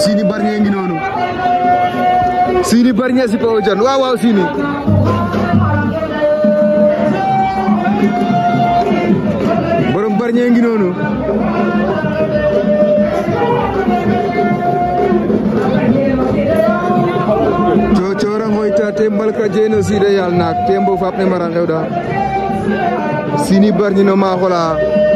Sini Barnya ngi noonu Sini Barnya si Pao John wow waaw Sini borom Barnya ngi noonu cocorang hoita tembal ka jeno anu, sida nak tembo fapne marang ya udah sini barnya no ma